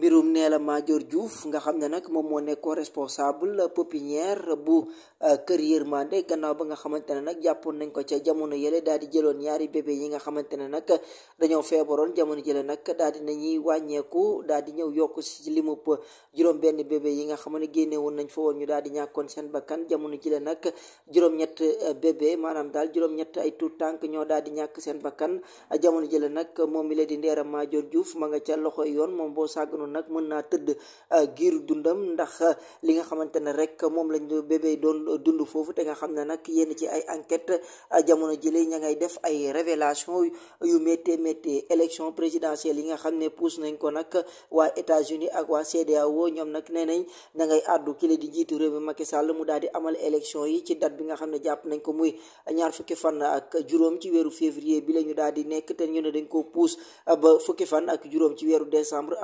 mbirum Ndella Madior Diouf nga xam ne nag moom moo nekkoon responsable pépinière bu euh, kër Yërmande gannaaw ba nga xamante ne nag jàppoon nañ ko ca jamono yële daal di jëloon ñaari bébé yi nga xamante ne nag dañoo feebaroon jamono jële nag daal di nañuy wàññeeku daal di ñëw yokk si limub juróom-benn bébé yi nga xam ne génne woon nañ fa woon ñu daal di ñàkkoon seen bakkan jamono jële nag juróom-ñett euh, bébé maanaam daal juróom-ñett ay tuut tànk ñoo daal di ñàkk seen bakkan jamono jële nag moom mi la di Ndella Madior Diouf ma nga ca loxo yoon moom boo sàgganoon noonu nag mën naa tëdd euh, giir dundam ndax euh, li nga xamante ne rek moom lañ bébé doon dund foofu te nga xam ne nag yenn ci ay enquête euh, jamono jëlee ña ngay def ay révélation yu méttee méttee élection présidentielle yi nga xam ne pouse nañ ko nag waa États-Unis ak waa woo ñoom nag nee nañ da ngay àddu kile di jiitu réew mi Macky Sall mu daal di amal élection yi ci date bi nga xam ne jàpp nañ ko muy ñaar fukki fan ak juróom ci weeru février bi la ñu daal di nekk te ñu ne dañ ko pousse ba fukki fan ak juróom ci weeru décembre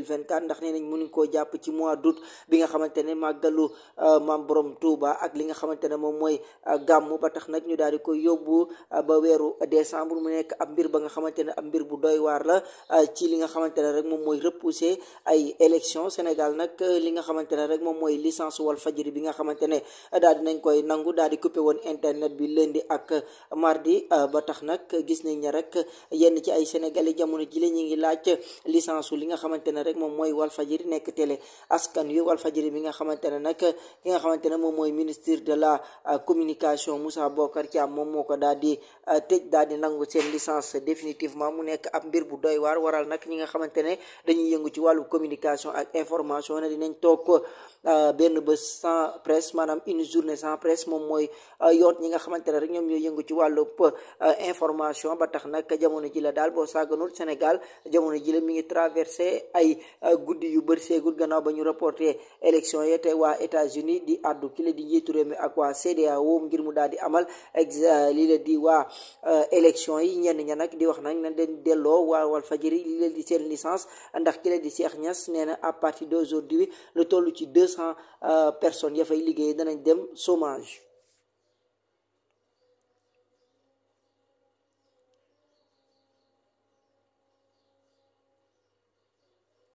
2024 ndax nee nañ mënuñ koo jàpp ci mois d'août bi nga xamante ne màggalu euh, maam borom ak li nga xamante ne moom mooy euh, gàmm ba tax nag ñu daal di koy yóbbu euh, ba weeru décembre mu nekk ab mbir ba nga xamante ne ab mbir bu doy waar la ci li nga xamante ne rek moom mooy repousser ay élection Sénégal nag li nga xamante ne rek moom mooy licence wal fajiri bi nga xamante ne daal di nañ koy nangu daal di coupé woon internet bi leen lundi ak mardi ba tax nag gis nañ ne rek yenn ci ay sénégalais jamono ji la ngi laaj licence li nga xamante ne rek moom mooy Walfadjri nekk télé askan wi Walfadjri bi nga xamante ne nag ki nga xamante ne moom mooy ministre de la euh, communication Moussa Bocar Thiam moom moo ko daal di euh, tëj daal di nangu seen licence définitivement mu nekk ab mbir bu doy waar waral nag ñi nga xamante ne dañuy yëngu ci wàllu communication ak information ne dinañ toog euh, benn bés sans presse maanaam une journée sans presse moom mooy yoot ñi nga xamante ne rek ñoom ñooy yëngu ci wàllu information ba tax nag jamono ji la daal boo sàgganul Sénégal jamono ji la mi ngi traversé ay ay euh, guddi yu bëri see seegul gannaaw ba ñu reporté élection yi te waa États-Unis di addu kile di njiitu réew mi ak waa CEDEAO ngir mu daal di amal ex euh, li la di waa euh, élection yi ñenn ña nag di wax nag nañ leen delloo waa wal Walfadjri li leen di seen licence ndax kile di Cheikh ñas nee na à partir d'aujourd'hui lu toll ci deux cent personnes ya fay liggéey danañ dem chômage